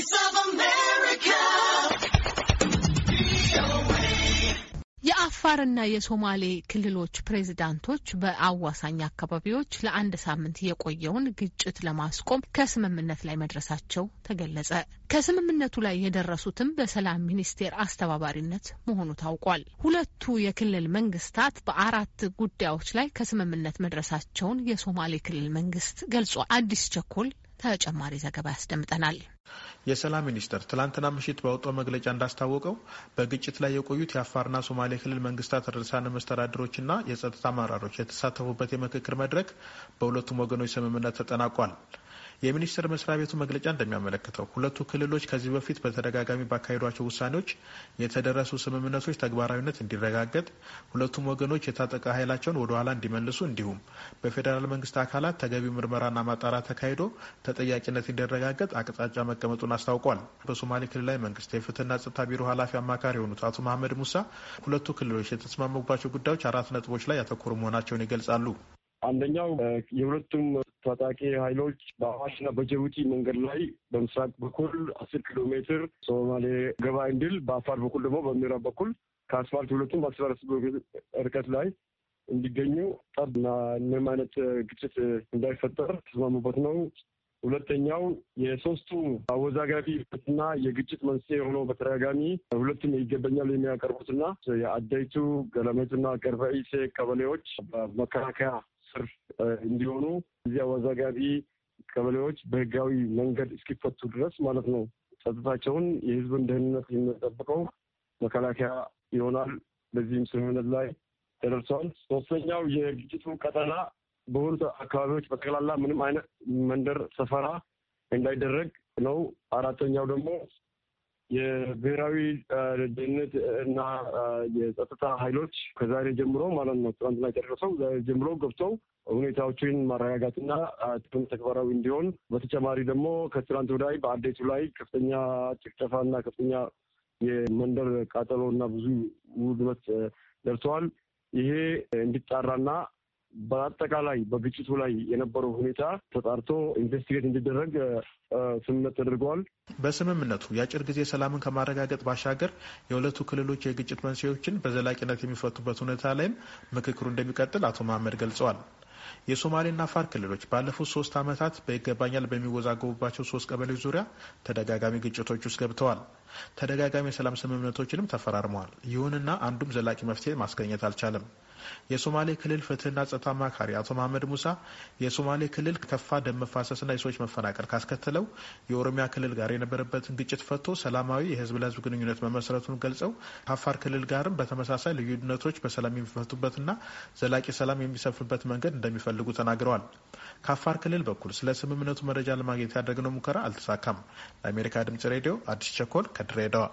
Voice of America. የአፋርና የሶማሌ ክልሎች ፕሬዚዳንቶች በአዋሳኝ አካባቢዎች ለአንድ ሳምንት የቆየውን ግጭት ለማስቆም ከስምምነት ላይ መድረሳቸው ተገለጸ። ከስምምነቱ ላይ የደረሱትም በሰላም ሚኒስቴር አስተባባሪነት መሆኑ ታውቋል። ሁለቱ የክልል መንግስታት በአራት ጉዳዮች ላይ ከስምምነት መድረሳቸውን የሶማሌ ክልል መንግስት ገልጿል። አዲስ ቸኮል ተጨማሪ ዘገባ ያስደምጠናል። የሰላም ሚኒስቴር ትላንትና ምሽት በወጦ መግለጫ እንዳስታወቀው በግጭት ላይ የቆዩት የአፋርና ሶማሌ ክልል መንግስታት ርዕሳነ መስተዳድሮችና የጸጥታ አመራሮች የተሳተፉበት የምክክር መድረክ በሁለቱም ወገኖች ስምምነት ተጠናቋል። የሚኒስቴር መስሪያ ቤቱ መግለጫ እንደሚያመለክተው ሁለቱ ክልሎች ከዚህ በፊት በተደጋጋሚ ባካሄዷቸው ውሳኔዎች የተደረሱ ስምምነቶች ተግባራዊነት እንዲረጋገጥ፣ ሁለቱም ወገኖች የታጠቀ ኃይላቸውን ወደኋላ እንዲመልሱ፣ እንዲሁም በፌዴራል መንግስት አካላት ተገቢው ምርመራና ማጣራ ተካሂዶ ተጠያቂነት እንዲረጋገጥ አቅጣጫ መቀመጡን አስታውቋል። በሶማሌ ክልላዊ መንግስት የፍትህና ጸጥታ ቢሮ ኃላፊ አማካሪ የሆኑት አቶ መሀመድ ሙሳ ሁለቱ ክልሎች የተስማሙባቸው ጉዳዮች አራት ነጥቦች ላይ ያተኮሩ መሆናቸውን ይገልጻሉ። አንደኛው የሁለቱም ታጣቂ ኃይሎች በአዋሽና በጀቡቲ መንገድ ላይ በምስራቅ በኩል አስር ኪሎ ሜትር ሶማሌ ገባ እንዲል፣ በአፋር በኩል ደግሞ በምዕራብ በኩል ከአስፋልት ሁለቱም በአስራ አራት ርቀት ላይ እንዲገኙ ጠብና ምንም አይነት ግጭት እንዳይፈጠር ተስማሙበት ነው። ሁለተኛው የሶስቱ አወዛጋቢ እና የግጭት መንስኤ የሆነው በተደጋጋሚ ሁለቱም ይገባኛል የሚያቀርቡትና የአዳይቱ ገለመቱና ገርበኢሴ ቀበሌዎች በመከላከያ እንዲሆኑ እዚያ አወዛጋቢ ቀበሌዎች በህጋዊ መንገድ እስኪፈቱ ድረስ ማለት ነው ጸጥታቸውን የህዝብን ደህንነት የሚጠብቀው መከላከያ ይሆናል። በዚህም ስምምነት ላይ ተደርሰዋል። ሶስተኛው የግጭቱ ቀጠና በሁሉት አካባቢዎች በቀላላ ምንም አይነት መንደር ሰፈራ እንዳይደረግ ነው። አራተኛው ደግሞ የብሔራዊ ደህንነት እና የጸጥታ ኃይሎች ከዛሬ ጀምሮ ማለት ነው ትናንትና ጨርሰው ዛሬ ጀምሮ ገብተው ሁኔታዎችን ማረጋጋትና ጥቅም ተግባራዊ እንዲሆን፣ በተጨማሪ ደግሞ ከትናንት ወዲያ በአዴቱ ላይ ከፍተኛ ጭፍጨፋና ከፍተኛ የመንደር ቃጠሎ እና ብዙ ውድመት ደርሰዋል። ይሄ እንዲጣራና በአጠቃላይ በግጭቱ ላይ የነበረው ሁኔታ ተጣርቶ ኢንቨስቲጌት እንዲደረግ ስምምነት ተደርገዋል። በስምምነቱ የአጭር ጊዜ ሰላምን ከማረጋገጥ ባሻገር የሁለቱ ክልሎች የግጭት መንስኤዎችን በዘላቂነት የሚፈቱበት ሁኔታ ላይም ምክክሩ እንደሚቀጥል አቶ መሀመድ ገልጸዋል። የሶማሌና አፋር ክልሎች ባለፉት ሶስት ዓመታት በይገባኛል በሚወዛገቡባቸው ሶስት ቀበሌዎች ዙሪያ ተደጋጋሚ ግጭቶች ውስጥ ገብተዋል። ተደጋጋሚ የሰላም ስምምነቶችንም ተፈራርመዋል። ይሁንና አንዱም ዘላቂ መፍትሄ ማስገኘት አልቻለም። የሶማሌ ክልል ፍትህና ጸጥታ አማካሪ አቶ መሀመድ ሙሳ የሶማሌ ክልል ከፋ ደም መፋሰስና የሰዎች መፈናቀል ካስከተለው የኦሮሚያ ክልል ጋር የነበረበትን ግጭት ፈቶ ሰላማዊ የህዝብ ለህዝብ ግንኙነት መመስረቱን ገልጸው ከአፋር ክልል ጋርም በተመሳሳይ ልዩነቶች በሰላም የሚፈቱበትና ዘላቂ ሰላም የሚሰፍንበት መንገድ እንደሚፈልጉ ተናግረዋል። ከአፋር ክልል በኩል ስለ ስምምነቱ መረጃ ለማግኘት ያደረግነው ሙከራ አልተሳካም። ለአሜሪካ ድምጽ ሬዲዮ አዲስ ቸኮል ከድሬዳዋ